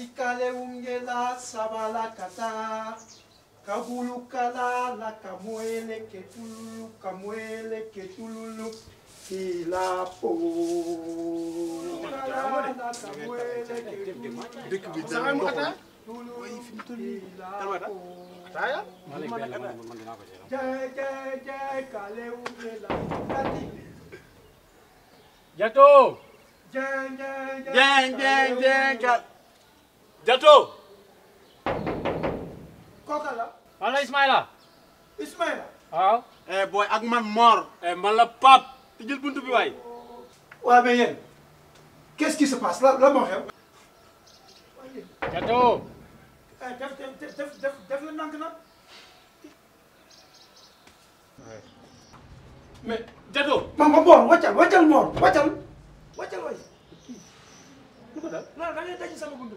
katikale ungela sabalakata la kamwele ketululu que ketululu kilapo Jatuh. que jeng jeng jeng jeng Jato. Kokala. la. Ismaila. Ismaila. Aw. eh boy, ak man Mor. eh man la Pape. te jël buntu bi way. Wa mais yeen. qu'est-ce qui se passe là? la moo xew. Jato. eh def def def def def la nank na. mais Jato. ma ma Mor wàccal Mor wàccal wàccal waay. lu ko dal non da ngay daj sama buntu.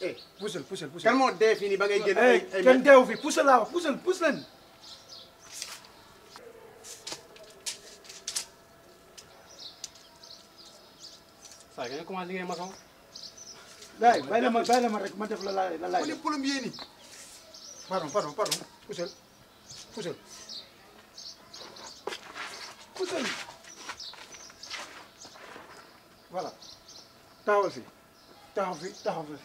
eh puusal puusal puusal. kan moo dee fii nii ba ngay génn. Eh, ay ay kenn deewu fi puusal laa wax puusal puus leen. la ma bàyyi la ma rek ma def la laay la laay. ma ne plombier pardon pardon pardon puusal puusal. puusal. voilà taxawal fi taxaw fi fi.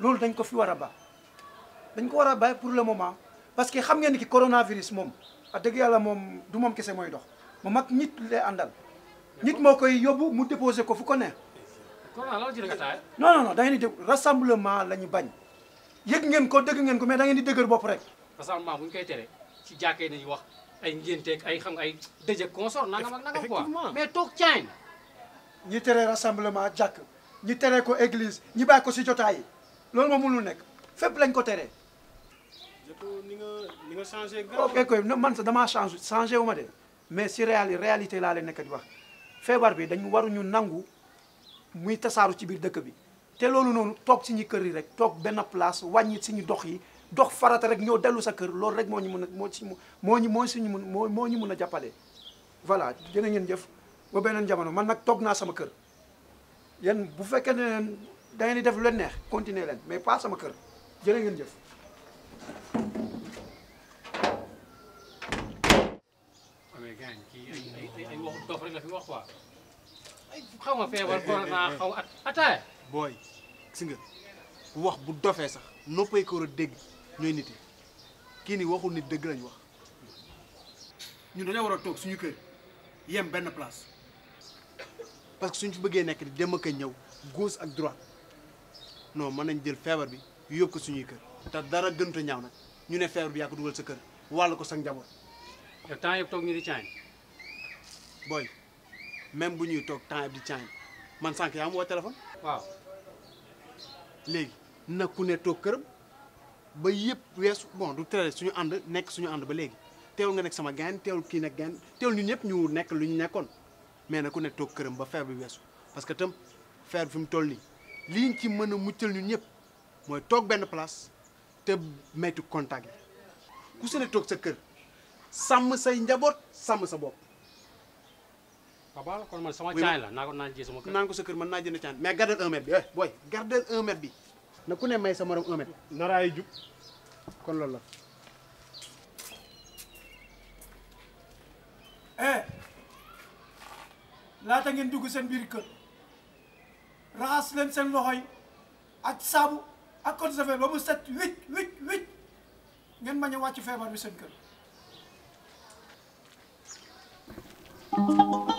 loolu dañ ko fi war a ba dañ ko war a bàyyi pour le moment parce que xam ngeen ni ki coronavirus moom a dëgg yàlla moom du moom kese mooy dox mu mag nit lay àndal nit moo koy yóbbu mu déposé ko fu ko neex non non no da ngeen di dégg rassemblement la ñu bañ yëg ngeen ko dëgg ngeen ko mais da ngeen di dëgër bopp rek rassemblement bu ñu koy tere ci jàkkee nañu wax ay ngénteeg ay xam nga ay dëje consort nangam ak nangam quoi mais toog caañ ñi tere rassemblement jàkk ñi tere ko église ñi bàyyi ko si jotaay loolu moom mënul nekk fépp lañ ko teree. ni nga ni nga changé. ok koy man sax damaa changé changé wu ma de mais si réali réalité laa leen nekk di wax feebar bi dañu waruñu nangu muy tasaaru ci biir dëkk bi. te loolu noonu toog suñu kër yi rek toog benn place wàññi suñu dox yi dox farata rek ñoo dellu sa kër loolu rek moo ñu mën a moo ci moo ñu moo suñu mën moo moo ñu mën a jàppale. voilà jërë ngeen jëf ba beneen jamono man nag toog naa sama kër yéen bu fekkee ne da ni def lu leen neex continuer leen mais pas sama kër jërë ngeen jëf. mais gars yi ay ay wax quoi xaw ma feebar corona eh, eh, xaw eh, at ataaya. booy gis nga wax bu dofee sax noppay ko a dégg ñooy nit yi kii nii waxul nit dëgg lañu wax ñun dañoo war a toog suñu kër yem benn place parce que suñ fi bëggee nekk di dem ak a ñëw gauche ak droite. non man nañ jël fièvre bi yob ko suñu kër ta dara gënut a ñaaw nag ñu né fièvre bi ya ko duggal sa kër wàll ko sax njabot yow tan yëpp tok ñu di caañ. boy même bu ñuy tok tan yëpp di caañ man sank ya am wo téléphone. waaw légui na ku né tok këram ba yépp weesu bon du tere suñu and nek suñu and ba légui téw nga nek sama gane téw ki nak gane téw ñun ñëpp ñu nek lu ñu nekkoon mais na ku né tok këram ba fièvre bi weesu parce que tam fièvre fi mu toll ni liñ ci mën a muccal ñun ñëpp mooy toog benn place te mettre contact yi ku su toog sa kër sàmm say njaboot sàmm sa bopp. waaw kon man sama caañ la naa ko naan ji sama sa kër mën naa jënd caañ mais gardel un eh, bi na ku ne may sa morom un mètre. naraay jub kon loolu la. Eh, laata ngeen dugg seen biir kër. raxas leen seen loxo ak saabu ak conservé ba mu set wicc wicc wicc ngeen bañ a wàcc feebar bi seen kër